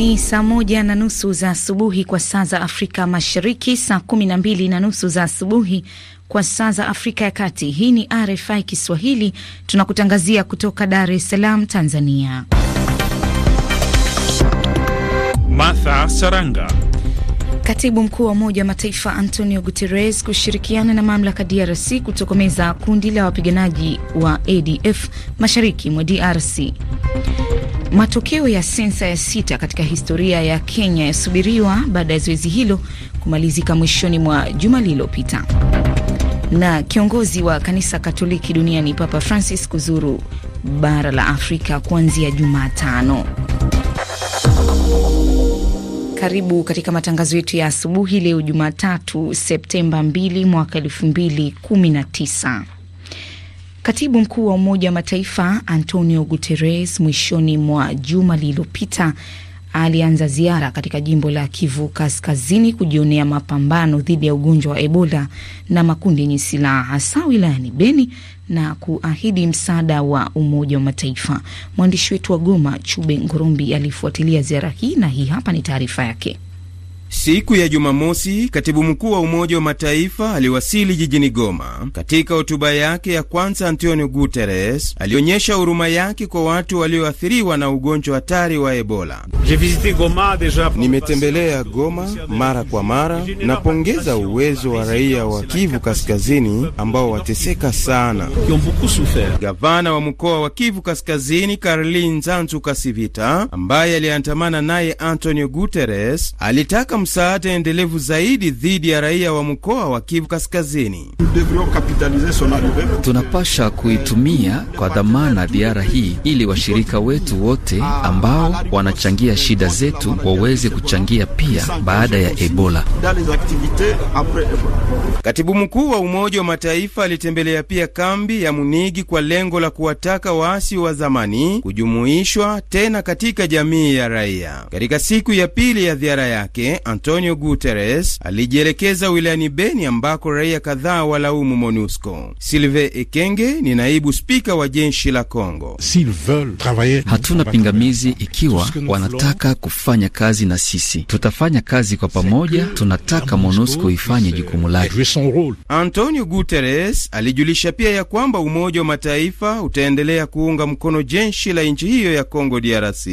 Ni saa moja na nusu za asubuhi kwa saa za Afrika Mashariki, saa kumi na mbili na nusu za asubuhi kwa saa za Afrika ya Kati. Hii ni RFI Kiswahili, tunakutangazia kutoka Dar es Salaam, Tanzania. Martha Saranga. Katibu mkuu wa Umoja wa Mataifa Antonio Guterres kushirikiana na mamlaka DRC kutokomeza kundi la wapiganaji wa ADF mashariki mwa DRC. Matokeo ya sensa ya sita katika historia ya Kenya yasubiriwa baada ya zoezi hilo kumalizika mwishoni mwa juma lililopita. Na kiongozi wa kanisa Katoliki duniani Papa Francis kuzuru bara la Afrika kuanzia Jumatano. Karibu katika matangazo yetu ya asubuhi leo Jumatatu Septemba 2 mwaka 2019. Katibu mkuu wa Umoja wa Mataifa Antonio Guterres mwishoni mwa juma lililopita alianza ziara katika jimbo la Kivu Kaskazini kujionea mapambano dhidi ya ugonjwa wa Ebola na makundi yenye silaha hasa wilayani Beni na kuahidi msaada wa Umoja wa Mataifa. Mwandishi wetu wa Goma Chube Ngorombi alifuatilia ziara hii na hii hapa ni taarifa yake. Siku ya Jumamosi, katibu mkuu wa Umoja wa Mataifa aliwasili jijini Goma. Katika hotuba yake ya kwanza, Antonio Guterres alionyesha huruma yake kwa watu walioathiriwa na ugonjwa hatari wa Ebola. Nimetembelea Goma mara kwa mara, napongeza uwezo wa raia wa Kivu Kaskazini ambao wateseka sana. Gavana wa mkoa wa Kivu Kaskazini Karlin zanzu Kasivita ambaye aliandamana naye Antonio Guterres alitaka msaada endelevu zaidi dhidi ya raia wa mkoa wa Kivu Kaskazini. Tunapasha kuitumia kwa dhamana ziara hii ili washirika wetu wote ambao wanachangia shida zetu waweze kuchangia pia baada ya Ebola. Katibu mkuu wa Umoja wa Mataifa alitembelea pia kambi ya Munigi kwa lengo la kuwataka waasi wa zamani kujumuishwa tena katika jamii ya raia. Katika siku ya pili ya ziara yake Antonio Guterres alijielekeza wilayani Beni ambako raia kadhaa walaumu MONUSCO. Silve Ekenge ni naibu spika wa jeshi la Congo. Hatuna pingamizi ikiwa wanataka kufanya kazi na sisi, tutafanya kazi kwa pamoja. Tunataka MONUSCO ifanye jukumu lake. Antonio Guterres alijulisha pia ya kwamba Umoja wa Mataifa utaendelea kuunga mkono jeshi la nchi hiyo ya congo DRC.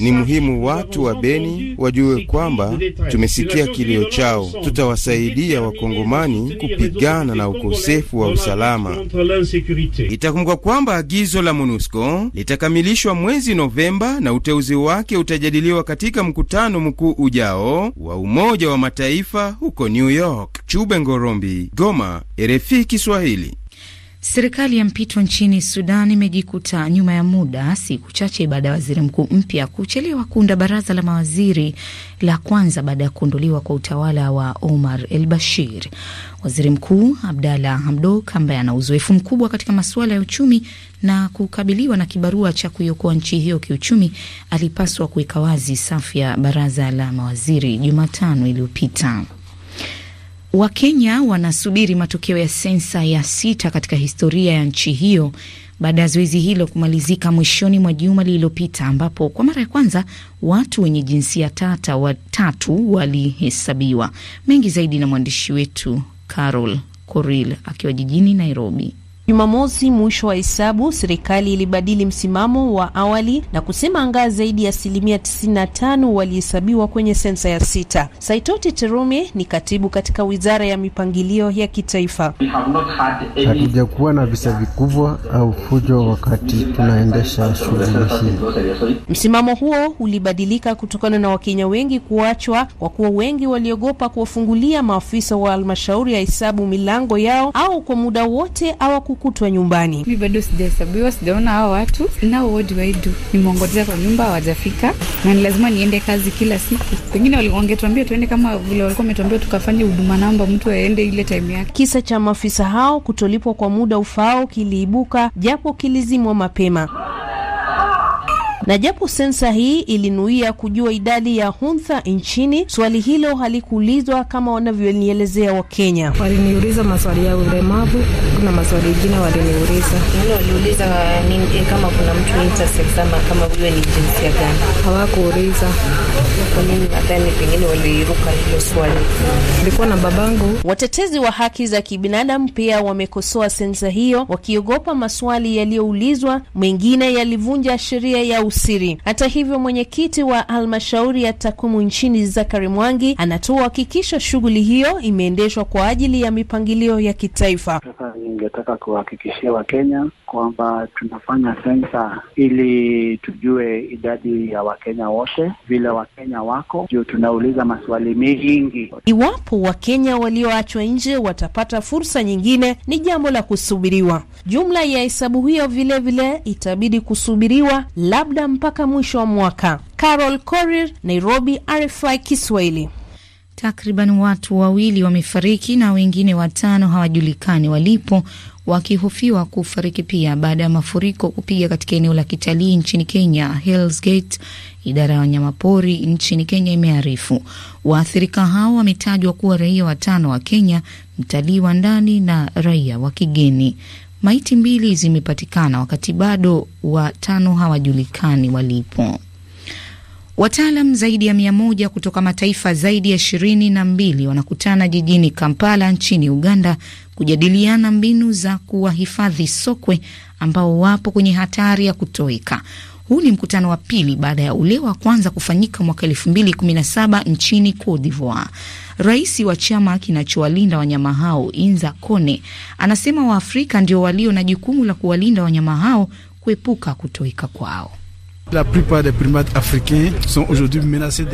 Ni muhimu watu wa Beni wajue wajue kwamba tumesikia kilio chao, tutawasaidia wakongomani kupigana na ukosefu wa usalama. Itakumbuka kwamba agizo la MONUSCO litakamilishwa mwezi Novemba na uteuzi wake utajadiliwa katika mkutano mkuu ujao wa Umoja wa Mataifa huko New York. Chube Ngorombi, Goma, RFI Kiswahili. Serikali ya mpito nchini Sudan imejikuta nyuma ya muda siku chache baada ya waziri mkuu mpya kuchelewa kuunda baraza la mawaziri la kwanza baada ya kuondolewa kwa utawala wa Omar el Bashir. Waziri Mkuu Abdalla Hamdok, ambaye ana uzoefu mkubwa katika masuala ya uchumi na kukabiliwa na kibarua cha kuiokoa nchi hiyo kiuchumi, alipaswa kuweka wazi safu ya baraza la mawaziri Jumatano iliyopita. Wakenya wanasubiri matokeo ya sensa ya sita katika historia ya nchi hiyo baada ya zoezi hilo kumalizika mwishoni mwa juma lililopita, ambapo kwa mara ya kwanza watu wenye jinsia tata watatu walihesabiwa. Mengi zaidi na mwandishi wetu Carol coril akiwa jijini Nairobi. Jumamosi, mwisho wa hesabu, serikali ilibadili msimamo wa awali na kusema angaa zaidi ya asilimia 95 walihesabiwa kwenye sensa ya sita. Saitoti Terume ni katibu katika wizara ya mipangilio ya kitaifa. Hatujakuwa na visa vikubwa au fujo wakati tunaendesha shughuli hii. Msimamo huo ulibadilika kutokana na Wakenya wengi kuachwa, kwa kuwa wengi waliogopa kuwafungulia maafisa wa halmashauri ya hesabu milango yao au kwa muda wote au kutwa nyumbani. Mi bado sijahesabiwa, sijaona hao watu nao, what do I do? Nimeongojea kwa nyumba, hawajafika na ni lazima niende kazi kila siku. Pengine wangetuambia tuende kama vile walikuwa wametuambia tukafanye huduma namba, mtu aende ile time yake. Kisa cha maafisa hao kutolipwa kwa muda ufaao kiliibuka, japo kilizimwa mapema. Na japo sensa hii ilinuia kujua idadi ya huntha nchini, swali hilo halikuulizwa kama wanavyonielezea Wakenya. Waliniuliza maswali ya ulemavu, kuna maswali mengine waliniuliza, waliuliza ah, eh, kama kuna mtu intersex ama kama vile ni jinsia gani, hawakuuliza kwa nini. Nadhani pengine hilo swali. na babangu. Watetezi wa haki za kibinadamu pia wamekosoa sensa hiyo, wakiogopa maswali yaliyoulizwa mengine yalivunja sheria ya siri. Hata hivyo, mwenyekiti wa halmashauri ya takwimu nchini Zakari Mwangi anatoa hakikisho shughuli hiyo imeendeshwa kwa ajili ya mipangilio ya kitaifa. Sasa ningetaka kuwahakikishia Wakenya kwamba tunafanya sensa ili tujue idadi ya Wakenya wote vile Wakenya wako juu, tunauliza maswali mengi. Iwapo Wakenya walioachwa nje watapata fursa nyingine ni jambo la kusubiriwa. Jumla ya hesabu hiyo vilevile itabidi kusubiriwa labda mpaka mwisho wa mwaka. Carol Korir, Nairobi, RFI Kiswahili. Takriban watu wawili wamefariki na wengine watano hawajulikani walipo wakihofiwa kufariki pia baada ya mafuriko kupiga katika eneo la kitalii nchini Kenya, Hell's Gate. Idara ya wanyamapori nchini Kenya imearifu waathirika hao wametajwa kuwa raia watano wa Kenya, mtalii wa ndani na raia wa kigeni. Maiti mbili zimepatikana wakati bado watano hawajulikani walipo. Wataalam zaidi ya mia moja kutoka mataifa zaidi ya ishirini na mbili wanakutana jijini Kampala nchini Uganda kujadiliana mbinu za kuwahifadhi sokwe ambao wapo kwenye hatari ya kutoweka. Huu ni mkutano wa pili baada ya ule wa kwanza kufanyika mwaka elfu mbili kumi na saba nchini Cote d'Ivoire. Rais wa chama kinachowalinda wanyama hao Inza Kone anasema Waafrika ndio walio na jukumu la kuwalinda wanyama hao kuepuka kutoweka kwao.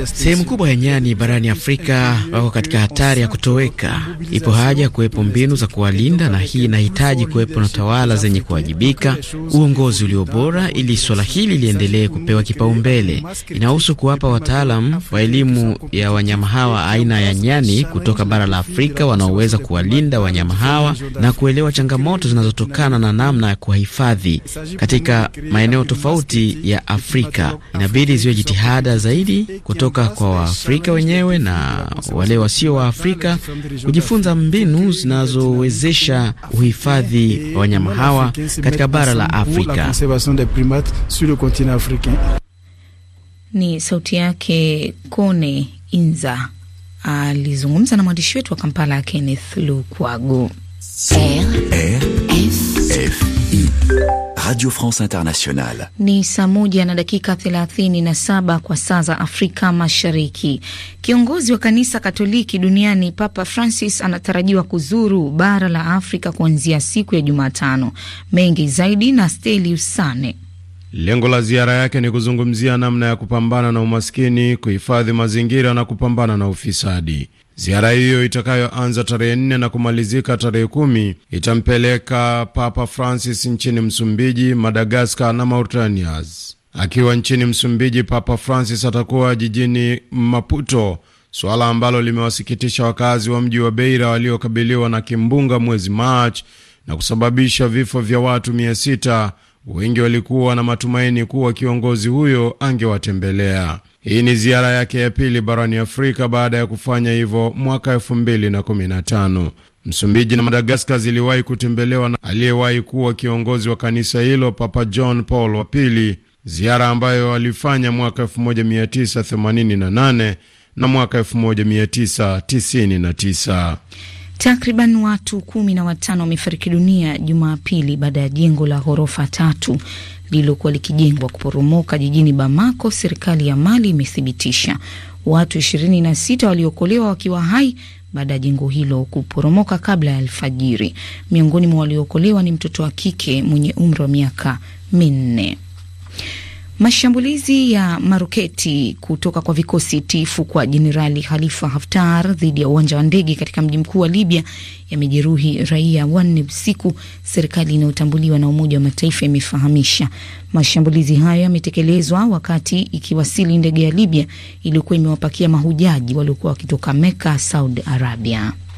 Sehemu kubwa ya nyani barani Afrika wako katika hatari ya kutoweka. Ipo haja ya kuwepo mbinu za kuwalinda, na hii inahitaji kuwepo na tawala zenye kuwajibika, uongozi ulio bora, ili swala hili liendelee kupewa kipaumbele. Inahusu kuwapa wataalam wa elimu ya wanyama hawa aina ya nyani kutoka bara la Afrika wanaoweza kuwalinda wanyama hawa na kuelewa changamoto zinazotokana na namna ya kuwahifadhi katika maeneo tofauti ya Afrika. Afrika. Inabidi ziwe jitihada zaidi kutoka kwa Waafrika wenyewe na wale wasio wa Afrika kujifunza mbinu zinazowezesha uhifadhi wa wanyama hawa katika bara la Afrika. Ni sauti yake Kone Inza alizungumza na mwandishi wetu wa Kampala Kenneth Lukwago. RFI Radio France Internationale. Ni saa moja na dakika 37 kwa saa za Afrika Mashariki. Kiongozi wa kanisa Katoliki duniani Papa Francis anatarajiwa kuzuru bara la Afrika kuanzia siku ya Jumatano. Mengi zaidi na steli usane Lengo la ziara yake ni kuzungumzia namna ya kupambana na umaskini, kuhifadhi mazingira na kupambana na ufisadi. Ziara hiyo itakayoanza tarehe nne na kumalizika tarehe kumi itampeleka Papa Francis nchini Msumbiji, Madagaskar na Mauritanias. Akiwa nchini Msumbiji, Papa Francis atakuwa jijini Maputo, suala ambalo limewasikitisha wakazi wa mji wa Beira waliokabiliwa na kimbunga mwezi Machi na kusababisha vifo vya watu mia sita. Wengi walikuwa na matumaini kuwa kiongozi huyo angewatembelea. Hii ni ziara yake ya pili barani Afrika baada ya kufanya hivyo mwaka 2015. Msumbiji na Madagaskar ziliwahi kutembelewa na aliyewahi kuwa kiongozi wa kanisa hilo Papa John Paul wa pili, ziara ambayo alifanya mwaka 1988 na mwaka 1999. Takriban watu kumi na watano wamefariki dunia Jumapili baada ya jengo la ghorofa tatu lililokuwa likijengwa kuporomoka jijini Bamako, serikali ya Mali imethibitisha. Watu 26 waliokolewa wakiwa hai baada ya jengo hilo kuporomoka kabla ya alfajiri. Miongoni mwa waliookolewa ni mtoto wa kike mwenye umri wa miaka minne. Mashambulizi ya maroketi kutoka kwa vikosi tifu kwa Jenerali Khalifa Haftar dhidi ya uwanja wa ndege katika mji mkuu wa Libya yamejeruhi raia wanne usiku, serikali inayotambuliwa na Umoja wa Mataifa imefahamisha. Mashambulizi hayo yametekelezwa wakati ikiwasili ndege ya Libya iliyokuwa imewapakia mahujaji waliokuwa wakitoka Meka, Saudi Arabia.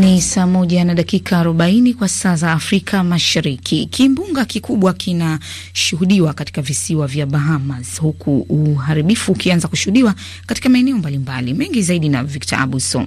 Ni saa moja na dakika arobaini kwa saa za Afrika Mashariki. Kimbunga kikubwa kinashuhudiwa katika visiwa vya Bahamas, huku uharibifu ukianza kushuhudiwa katika maeneo mbalimbali mengi zaidi. Na Victor Abuso.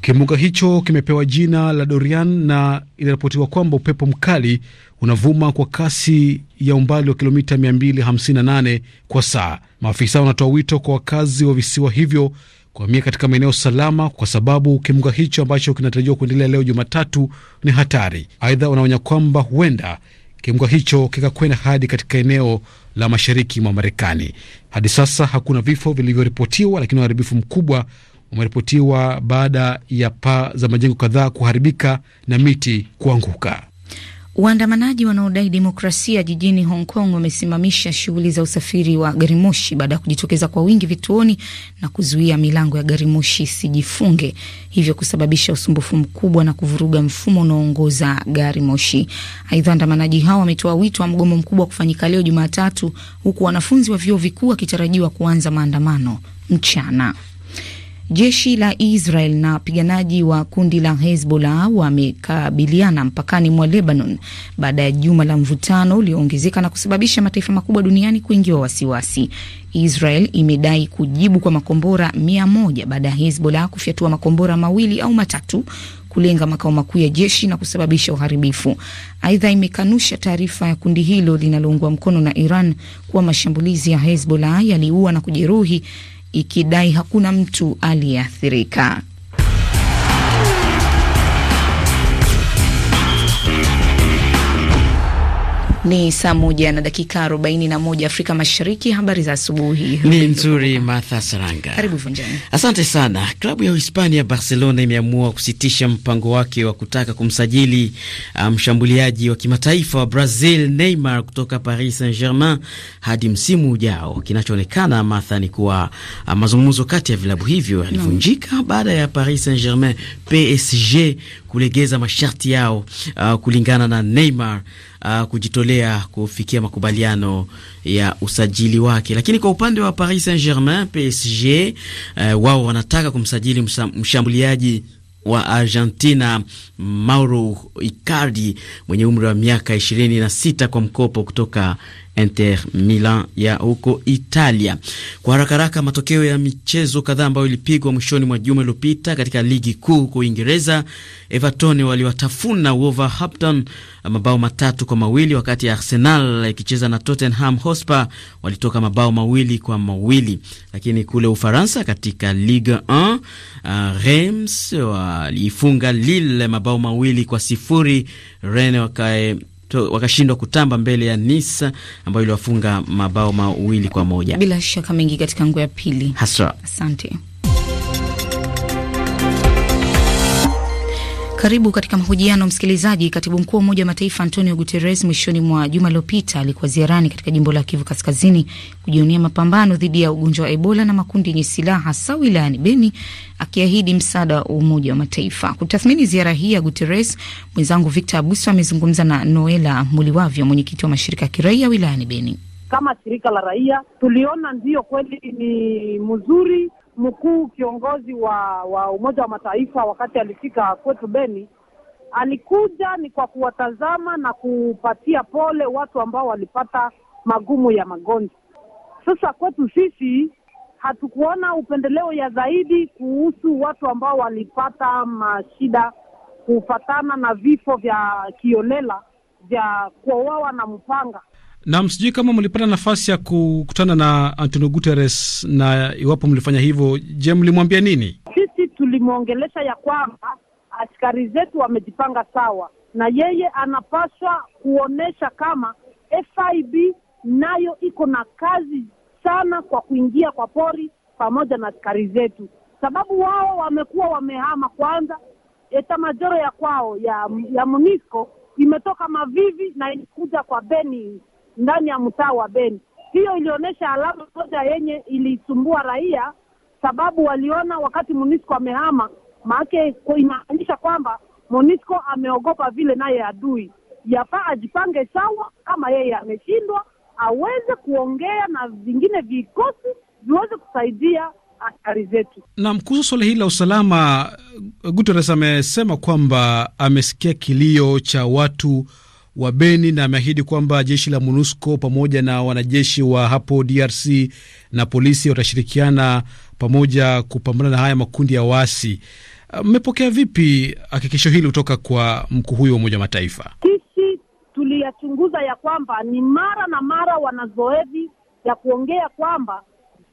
Kimbunga hicho kimepewa jina la Dorian na inaripotiwa kwamba upepo mkali unavuma kwa kasi ya umbali wa kilomita 258 kwa saa. Maafisa wanatoa wito kwa wakazi wa visiwa hivyo kuhamia katika maeneo salama, kwa sababu kimbunga hicho ambacho kinatarajiwa kuendelea leo Jumatatu ni hatari. Aidha, wanaonya kwamba huenda kimbunga hicho kikakwenda hadi katika eneo la mashariki mwa Marekani. Hadi sasa hakuna vifo vilivyoripotiwa, lakini uharibifu mkubwa umeripotiwa baada ya paa za majengo kadhaa kuharibika na miti kuanguka. Waandamanaji wanaodai demokrasia jijini Hong Kong wamesimamisha shughuli za usafiri wa gari moshi baada ya kujitokeza kwa wingi vituoni na kuzuia milango ya gari moshi isijifunge, hivyo kusababisha usumbufu mkubwa na kuvuruga mfumo unaoongoza gari moshi. Aidha, waandamanaji hao wametoa wito wa mgomo mkubwa kufanyika leo Jumatatu, huku wanafunzi wa vyuo vikuu wakitarajiwa kuanza maandamano mchana. Jeshi la Israel na wapiganaji wa kundi la Hezbollah wamekabiliana mpakani mwa Lebanon baada ya juma la mvutano ulioongezeka na kusababisha mataifa makubwa duniani kuingiwa wasiwasi. Israel imedai kujibu kwa makombora mia moja baada ya Hezbollah kufyatua makombora mawili au matatu kulenga makao makuu ya jeshi na kusababisha uharibifu. Aidha, imekanusha taarifa ya kundi hilo linaloungwa mkono na Iran kuwa mashambulizi ya Hezbollah yaliua na kujeruhi ikidai hakuna mtu aliyeathirika. Ni saa moja na dakika arobaini na moja Afrika Mashariki. Habari za asubuhi ni nzuri, Martha Saranga. Karibu Vunjani. Asante sana. Klabu ya Uhispania Barcelona imeamua kusitisha mpango wake wa kutaka kumsajili ah, mshambuliaji um, wa kimataifa wa Brazil Neymar kutoka Paris Saint Germain hadi msimu ujao. Kinachoonekana Martha ni kuwa ah, mazungumzo kati ya vilabu hivyo yalivunjika no. baada ya Paris Saint Germain PSG kulegeza masharti yao uh, kulingana na Neymar uh, kujitolea kufikia makubaliano ya usajili wake. Lakini kwa upande wa Paris Saint-Germain PSG, uh, wao wanataka kumsajili mshambuliaji wa Argentina Mauro Icardi mwenye umri wa miaka 26 kwa mkopo kutoka Inter Milan ya huko Italia. Kwa haraka haraka, matokeo ya michezo kadhaa ambayo ilipigwa mwishoni mwa juma iliyopita katika ligi kuu huko Uingereza, Everton waliwatafuna Wolverhampton mabao matatu kwa mawili wakati ya Arsenal ikicheza na Tottenham Hotspur walitoka mabao mawili kwa mawili. Lakini kule Ufaransa katika Ligue 1 uh, Reims waliifunga Lille mabao mawili kwa sifuri. Rennes wakae wakashindwa kutamba mbele ya Nisa ambayo iliwafunga mabao mawili kwa moja. Bila shaka mengi katika nguo ya pili haswa. Asante. Karibu katika mahojiano msikilizaji. Katibu mkuu wa Umoja wa Mataifa Antonio Guterres mwishoni mwa juma lililopita alikuwa ziarani katika jimbo la Kivu Kaskazini kujionea mapambano dhidi ya ugonjwa wa Ebola na makundi yenye silaha hasa wilayani Beni, akiahidi msaada wa Umoja wa Mataifa. Kutathmini ziara hii ya Guterres, mwenzangu Victor Abuso amezungumza na Noela Muliwavyo, mwenyekiti wa mashirika ya kiraia wilayani Beni. Kama shirika la raia tuliona ndiyo kweli ni mzuri mkuu kiongozi wa, wa Umoja wa Mataifa wakati alifika kwetu Beni alikuja ni kwa kuwatazama na kupatia pole watu ambao walipata magumu ya magonjwa. Sasa kwetu sisi hatukuona upendeleo ya zaidi kuhusu watu ambao walipata mashida kufatana na vifo vya kiolela vya kuoawa na mpanga. Nam, sijui kama mlipata nafasi ya kukutana na Antonio Guterres, na iwapo mlifanya hivyo, je, mlimwambia nini? Sisi tulimwongelesha ya kwamba askari zetu wamejipanga sawa, na yeye anapaswa kuonyesha kama FIB nayo iko na kazi sana kwa kuingia kwa pori pamoja na askari zetu, sababu wao wamekuwa wamehama kwanza eta majoro ya kwao ya, ya MONUSCO imetoka Mavivi na inakuja kwa Beni ndani ya mtaa wa Beni. Hiyo ilionyesha alama moja yenye ilisumbua raia, sababu waliona wakati Monisco amehama, maake inaanisha kwamba Monisco ameogopa vile naye adui, yafaa ajipange sawa. Kama yeye ameshindwa, aweze kuongea na vingine vikosi viweze kusaidia askari zetu. Naam, kuhusu swala hili la usalama, Guterres amesema kwamba amesikia kilio cha watu wa Beni na ameahidi kwamba jeshi la MONUSCO pamoja na wanajeshi wa hapo DRC na polisi watashirikiana pamoja kupambana na haya makundi ya waasi. Ah, mmepokea vipi hakikisho hili kutoka kwa mkuu huyo wa Umoja wa Mataifa? Sisi tuliyachunguza ya kwamba ni mara na mara wanazoezi ya kuongea kwamba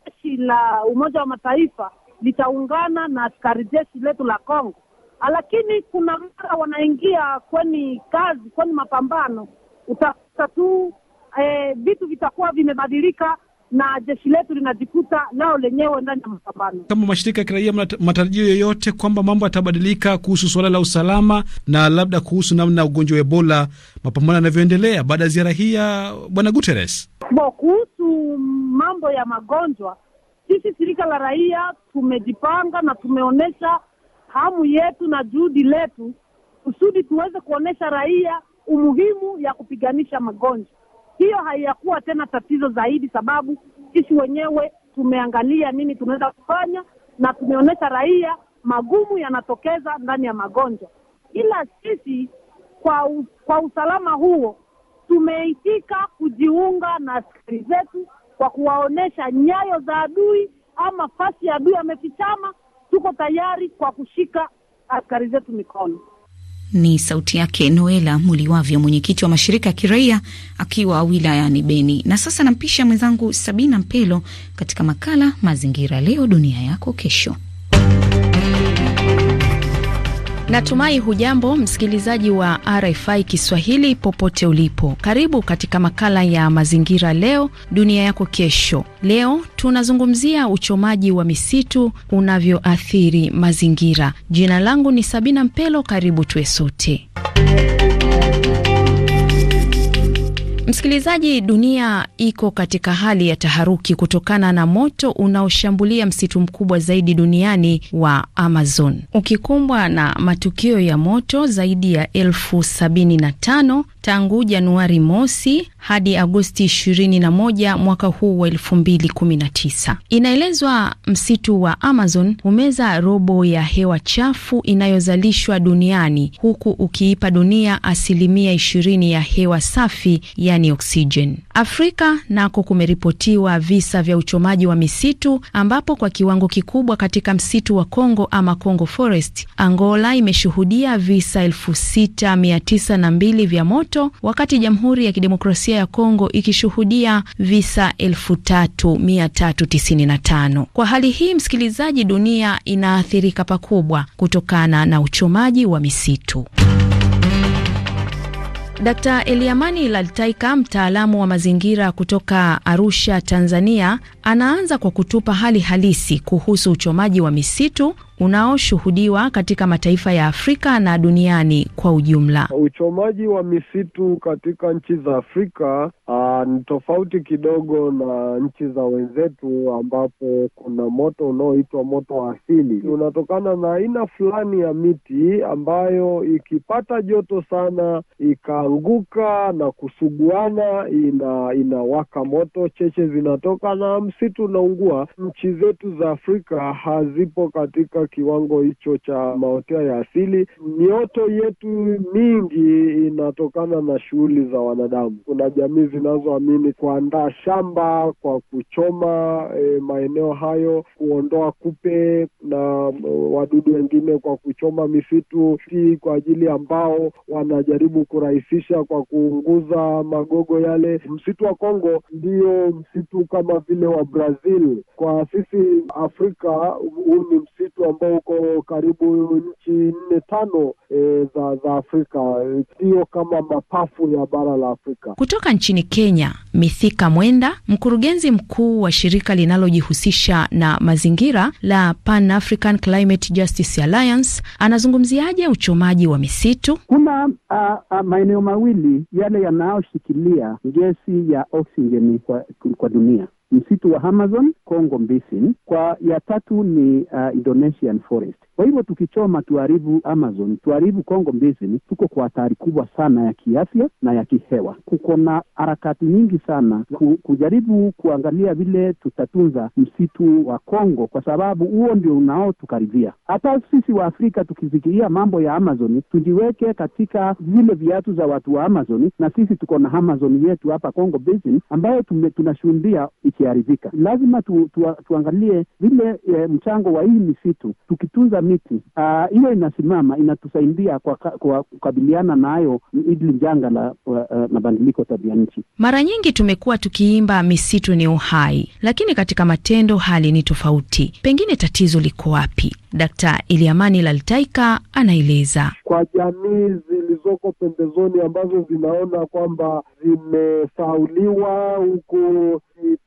jeshi la Umoja wa Mataifa litaungana na askari jeshi letu la congo Ah, lakini kuna mara wanaingia kweni kazi kweni mapambano, utakuta tu e, vitu vitakuwa vimebadilika na jeshi letu linajikuta nao lenyewe ndani ya mapambano. Kama mashirika ya kiraia, matarajio yoyote kwamba mambo yatabadilika kuhusu suala la usalama na labda kuhusu namna ugonjwa wa Ebola mapambano yanavyoendelea baada ya ziara hii ya Bwana Guterres? Bo, kuhusu mambo ya magonjwa, sisi shirika la raia tumejipanga na tumeonyesha hamu yetu na juhudi letu kusudi tuweze kuonyesha raia umuhimu ya kupiganisha magonjwa. Hiyo haiyakuwa tena tatizo zaidi, sababu sisi wenyewe tumeangalia nini tunaweza kufanya, na tumeonyesha raia magumu yanatokeza ndani ya magonjwa. Ila sisi kwa, u, kwa usalama huo tumeitika kujiunga na askari zetu kwa kuwaonyesha nyayo za adui ama fasi ya adui amefichama, tuko tayari kwa kushika askari zetu mikono. Ni sauti yake Noela Muliwavyo, mwenyekiti wa mashirika ya kiraia akiwa wilayani Beni. Na sasa nampisha mwenzangu Sabina Mpelo katika makala Mazingira Leo Dunia Yako Kesho. Natumai hujambo msikilizaji wa RFI Kiswahili popote ulipo. Karibu katika makala ya mazingira leo dunia yako kesho. Leo tunazungumzia uchomaji wa misitu unavyoathiri mazingira. Jina langu ni Sabina Mpelo, karibu tuwe sote. Msikilizaji, dunia iko katika hali ya taharuki kutokana na moto unaoshambulia msitu mkubwa zaidi duniani wa Amazon, ukikumbwa na matukio ya moto zaidi ya elfu sabini na tano tangu Januari mosi hadi Agosti 21 mwaka huu wa 2019. Inaelezwa msitu wa Amazon humeza robo ya hewa chafu inayozalishwa duniani huku ukiipa dunia asilimia 20 ya hewa safi ya yani oksijen. Afrika nako kumeripotiwa visa vya uchomaji wa misitu ambapo kwa kiwango kikubwa katika msitu wa congo ama congo Forest, Angola imeshuhudia visa elfu vya moto, wakati Jamhuri ya Kidemokrasia ya congo ikishuhudia visa 3395 Kwa hali hii, msikilizaji, dunia inaathirika pakubwa kutokana na uchomaji wa misitu. Dkt. Eliamani Laltaika, mtaalamu wa mazingira kutoka Arusha, Tanzania, anaanza kwa kutupa hali halisi kuhusu uchomaji wa misitu unaoshuhudiwa katika mataifa ya Afrika na duniani kwa ujumla. Uchomaji wa misitu katika nchi za Afrika ah, ni tofauti kidogo na nchi za wenzetu, ambapo kuna moto unaoitwa moto wa asili. Unatokana na aina fulani ya miti ambayo ikipata joto sana ikaanguka na kusuguana, ina inawaka moto, cheche zinatoka na msitu unaungua. Nchi zetu za Afrika hazipo katika kiwango hicho cha maotea ya asili. Mioto yetu mingi inatokana na shughuli za wanadamu. Kuna jamii zinazoamini kuandaa shamba kwa kuchoma e, maeneo hayo, kuondoa kupe na e, wadudu wengine kwa kuchoma misitu hii, kwa ajili ambao wanajaribu kurahisisha kwa kuunguza magogo yale. Msitu wa Kongo ndio msitu kama vile wa Brazil kwa sisi Afrika, huu ni msitu ambao uko karibu nchi nne tano e, za, za Afrika, sio kama mapafu ya bara la Afrika. Kutoka nchini Kenya, Mithika Mwenda, mkurugenzi mkuu wa shirika linalojihusisha na mazingira la Pan African Climate Justice Alliance, anazungumziaje uchomaji wa misitu? Kuna maeneo mawili yale yanayoshikilia gesi ya oksijeni kwa, kwa dunia msitu wa Amazon Congo Basin. Kwa ya tatu ni uh, Indonesian forest. Kwa hivyo tukichoma tuharibu Amazon, tuharibu Congo Basin, tuko kwa hatari kubwa sana ya kiafya na ya kihewa. Kuko na harakati nyingi sana kujaribu kuangalia vile tutatunza msitu wa Congo, kwa sababu huo ndio unaotukaribia. Hata sisi wa Afrika tukifikiria mambo ya Amazon, tujiweke katika vile viatu za watu wa Amazon, na sisi tuko na Amazon yetu hapa Congo Basin ambayo tunashuhudia ikiharibika. Lazima tu, tu, tuangalie vile e, mchango wa hii misitu tukitunza miti ah, hiyo uh, inasimama inatusaidia kwa, kwa kukabiliana nayo hili janga la uh, mabadiliko tabia nchi. Mara nyingi tumekuwa tukiimba misitu ni uhai, lakini katika matendo hali ni tofauti. Pengine tatizo liko wapi? Dkt. Iliamani Laltaika anaeleza. Kwa jamii zilizoko pembezoni ambazo zinaona kwamba zimesauliwa huku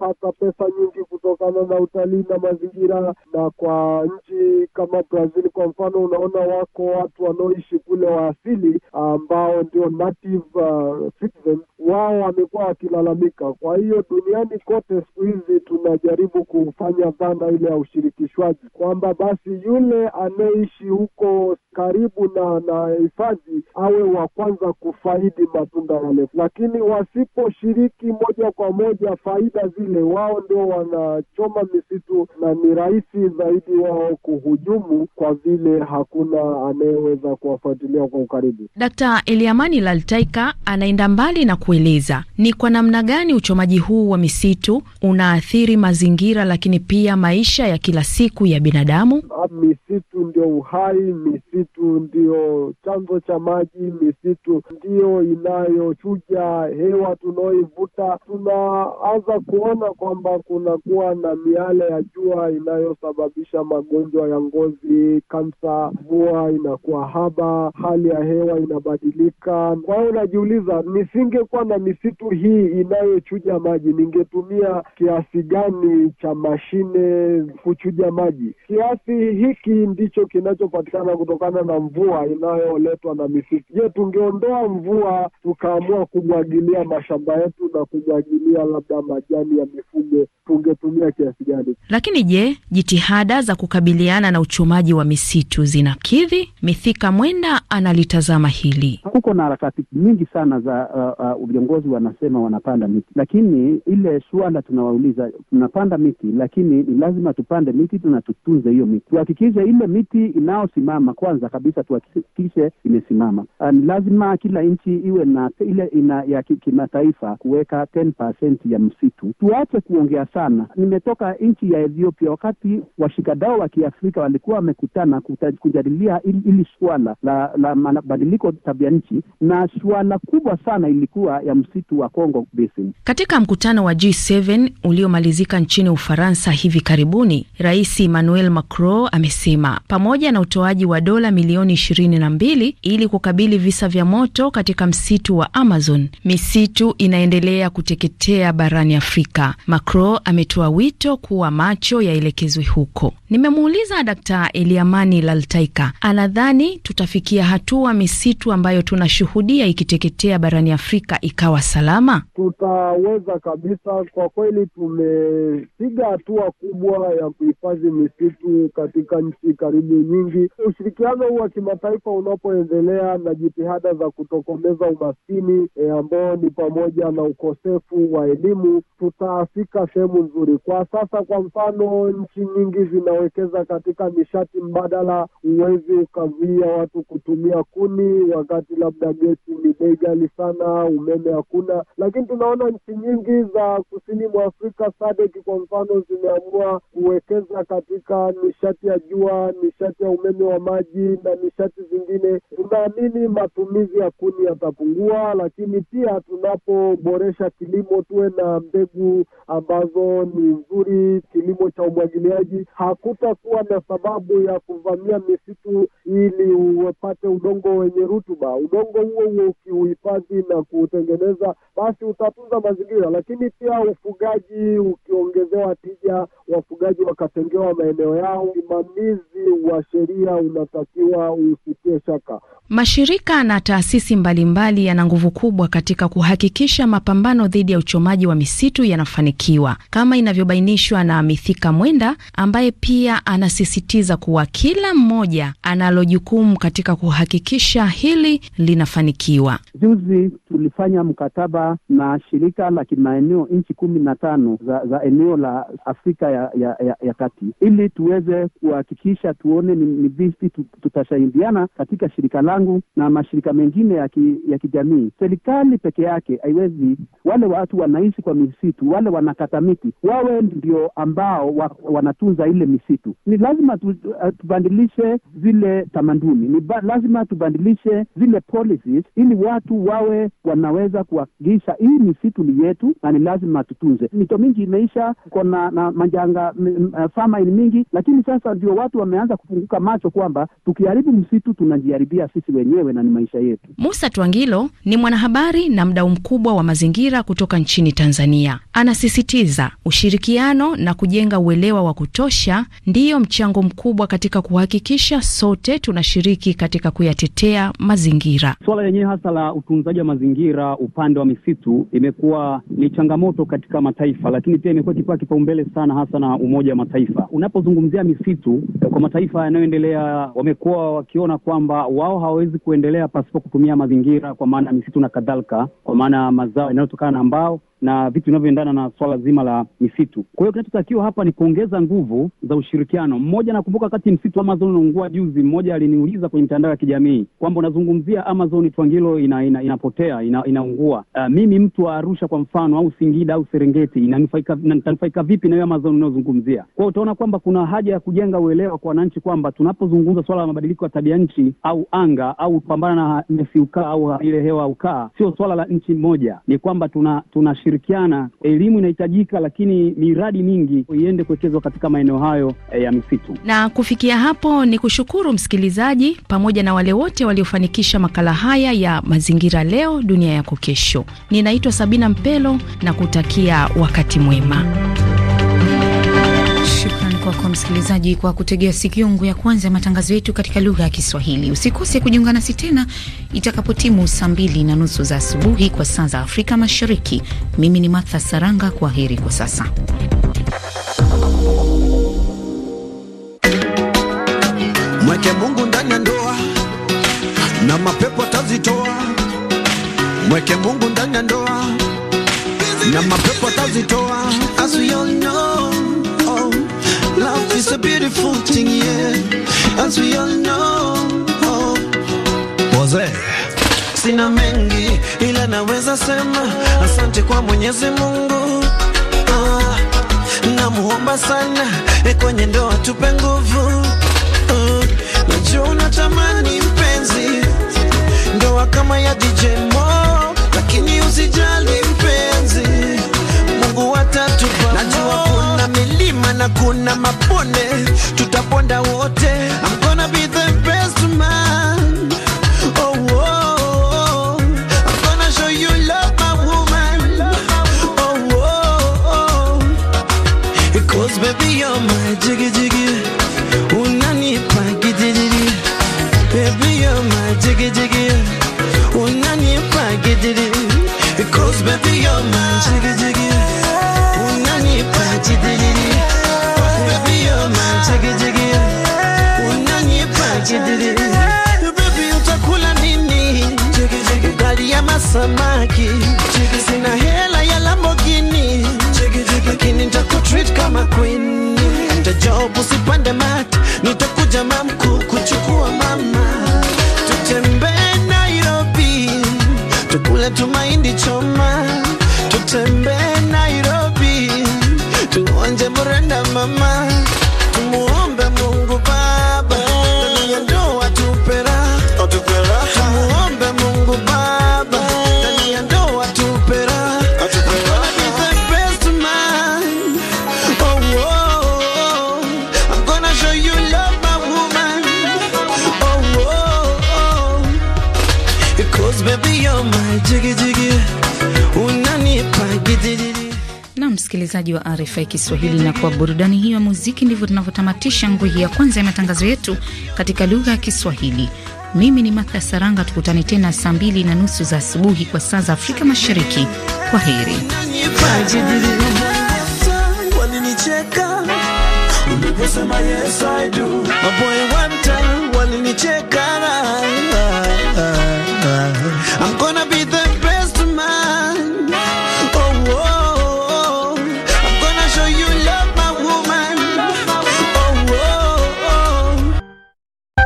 kupata pesa nyingi kutokana na utalii na mazingira. Na kwa nchi kama Brazil kwa mfano, unaona wako watu wanaoishi kule wa asili ambao ndio native uh, citizens, wao wamekuwa wakilalamika. Kwa hiyo duniani kote siku hizi tunajaribu kufanya dhana ile ya ushirikishwaji kwamba basi yule anayeishi huko karibu na na hifadhi awe wa kwanza kufaidi matunda yale, lakini wasiposhiriki moja kwa moja faida zile, wao ndio wanachoma misitu na ni rahisi zaidi wao kuhujumu, kwa vile hakuna anayeweza kuwafuatilia kwa ukaribu. Dkt. Eliamani Laltaika anaenda mbali na kueleza ni kwa namna gani uchomaji huu wa misitu unaathiri mazingira, lakini pia maisha ya kila siku ya binadamu. Misitu ndio uhai, misitu misitu ndio chanzo cha maji, misitu ndiyo inayochuja hewa tunaoivuta. Tunaanza kuona kwamba kunakuwa na miale ya jua inayosababisha magonjwa ya ngozi, kansa. Mvua inakuwa haba, hali ya hewa inabadilika. Kwa hiyo unajiuliza, nisingekuwa na misitu hii inayochuja maji, ningetumia kiasi gani cha mashine kuchuja maji? Kiasi hiki ndicho kinachopatikana kutokana kutokana na mvua inayoletwa na misitu. Je, tungeondoa mvua tukaamua kumwagilia mashamba yetu na kumwagilia labda majani ya mifugo, tungetumia kiasi gani? Lakini je, jitihada za kukabiliana na uchomaji wa misitu zinakidhi? Mithika Mwenda analitazama hili. Kuko na harakati nyingi sana za uh, uh, viongozi wanasema wanapanda miti, lakini ile suala tunawauliza, tunapanda miti, lakini ni lazima tupande miti na tutunze hiyo miti, tuhakikishe ile miti inayosimama kwanza kwanza kabisa tuhakikishe imesimama. Ni lazima kila nchi iwe na ile ina ya kimataifa kuweka 10% ya msitu. Tuache kuongea sana. Nimetoka nchi ya Ethiopia wakati washikadao wa Kiafrika walikuwa wamekutana kujadilia hili suala la, la mabadiliko tabia nchi, na suala kubwa sana ilikuwa ya msitu wa Congo Basin. Katika mkutano wa G7 uliomalizika nchini Ufaransa hivi karibuni, Rais Emmanuel Macron amesema pamoja na utoaji wa dola milioni 22 ili kukabili visa vya moto katika msitu wa Amazon. Misitu inaendelea kuteketea barani Afrika. Macron ametoa wito kuwa macho yaelekezwe huko. Nimemuuliza dkt Eliamani Laltaika anadhani tutafikia hatua misitu ambayo tunashuhudia ikiteketea barani Afrika ikawa salama? Tutaweza kabisa. Kwa kweli tumepiga hatua kubwa ya kuhifadhi misitu katika nchi karibu nyingi. Ushirikiano mchezo huu wa kimataifa unapoendelea na jitihada za kutokomeza umaskini e, ambao ni pamoja na ukosefu wa elimu, tutafika sehemu nzuri. Kwa sasa, kwa mfano, nchi nyingi zinawekeza katika nishati mbadala. Huwezi ukazuia watu kutumia kuni wakati labda gesi ni bei ghali sana, umeme hakuna. Lakini tunaona nchi nyingi za kusini mwa Afrika, SADC kwa mfano, zimeamua kuwekeza katika nishati ya jua, nishati ya umeme wa maji na nishati zingine. Tunaamini matumizi ya kuni yatapungua, lakini pia tunapoboresha kilimo tuwe na mbegu ambazo ni nzuri. Kilimo cha umwagiliaji, hakutakuwa na sababu ya kuvamia misitu ili upate udongo wenye rutuba. Udongo huo huo ukiuhifadhi na kuutengeneza, basi utatunza mazingira. Lakini pia ufugaji ukiongezewa tija, wafugaji wakatengewa maeneo yao, usimamizi wa sheria unatakiwa unatakiwa usitie shaka. Mashirika na taasisi mbalimbali yana nguvu kubwa katika kuhakikisha mapambano dhidi ya uchomaji wa misitu yanafanikiwa, kama inavyobainishwa na Mithika Mwenda ambaye pia anasisitiza kuwa kila mmoja analo jukumu katika kuhakikisha hili linafanikiwa. Juzi tulifanya mkataba na shirika la kimaeneo nchi kumi na tano za, za eneo la Afrika ya, ya, ya, ya kati ili tuweze kuhakikisha tuone ni vipi tutasaidiana katika shirika langu na mashirika mengine ya, ki, ya kijamii. Serikali peke yake haiwezi. Wale watu wanaishi kwa misitu, wale wanakata miti, wawe ndio ambao wa, wanatunza ile misitu. Ni lazima tu, uh, tubadilishe zile tamaduni, ni ba, lazima tubadilishe zile policies ili watu wawe wanaweza kuhakikisha hii misitu ni yetu na ni lazima tutunze. Mito mingi imeisha kona na majanga m, uh, mingi, lakini sasa ndio watu wameanza kufunguka macho kwamba tu tukiharibu msitu tunajiharibia sisi wenyewe na ni maisha yetu. Musa Twangilo ni mwanahabari na mdau mkubwa wa mazingira kutoka nchini Tanzania. Anasisitiza ushirikiano na kujenga uelewa wa kutosha ndiyo mchango mkubwa katika kuhakikisha sote tunashiriki katika kuyatetea mazingira. Swala lenyewe hasa la utunzaji wa mazingira upande wa misitu imekuwa ni changamoto katika mataifa, lakini pia imekuwa ikipewa kipaumbele sana hasa na Umoja wa Mataifa. Unapozungumzia misitu kwa mataifa yanayoendelea wame wamekuwa wakiona kwamba wao hawawezi kuendelea pasipo kutumia mazingira, kwa maana ya misitu na kadhalika, kwa maana ya mazao yanayotokana na mbao na vitu vinavyoendana na swala zima la misitu. Kwa hiyo kinachotakiwa hapa ni kuongeza nguvu za ushirikiano. Mmoja, nakumbuka wakati msitu wa Amazon unaungua juzi, mmoja aliniuliza kwenye mitandao ya kijamii kwamba unazungumzia Amazon Twangilo ina, ina, inapotea ina, inaungua. Uh, mimi mtu wa Arusha kwa mfano au Singida au Serengeti nitanufaika vipi na hiyo Amazon unayozungumzia? Kwa hiyo utaona kwamba kuna haja ya kujenga uelewa kwa wananchi kwamba tunapozungumza swala la mabadiliko ya tabia nchi au anga au pambana na nyasi ukaa au ile hewa ukaa, sio swala la nchi moja, ni kwamba tuna, tuna kushirikiana. Elimu inahitajika, lakini miradi mingi iende kuwekezwa katika maeneo hayo eh, ya misitu. Na kufikia hapo, ni kushukuru msikilizaji pamoja na wale wote waliofanikisha makala haya ya Mazingira Leo Dunia Yako Kesho. Ninaitwa Sabina Mpelo na kutakia wakati mwema kwako msikilizaji kwa kutegea siku yangu ya kwanza ya matangazo yetu katika lugha ya Kiswahili. Usikose kujiunga nasi tena itakapotimu saa mbili na nusu za asubuhi kwa saa za Afrika Mashariki. Mimi ni Martha Saranga, kwa heri kwa sasa. Mweke Mungu ndani ya ndoa na mapepo atazitoa. Mweke Mungu ndani ya ndoa na mapepo atazitoa. It's a beautiful thing, yeah, as we all know. Oh. was Jose. Sina mengi ila naweza sema asante kwa Mwenyezi Mungu. Ah, namuomba sana e kwenye ndoa tupe nguvu. Ah, najua unatamani mpenzi, ndoa kama ya DJ Mo, lakini usijali mpenzi, Mungu atatupa. Najua kuna milima na kuna mabonde, tutaponda wote. I'm gonna be the best man. Oh, oh, oh. I'm gonna show you love, my woman. Oh, oh, oh. Because baby, you're my jiggy jiggy. Opusi pande macho msikilizaji wa RFI Kiswahili, na kwa burudani hiyo ya muziki, ndivyo tunavyotamatisha nguhi ya kwanza ya matangazo yetu katika lugha ya Kiswahili. Mimi ni Martha Saranga, tukutane tena saa mbili na nusu za asubuhi kwa saa za Afrika Mashariki. Kwa heri.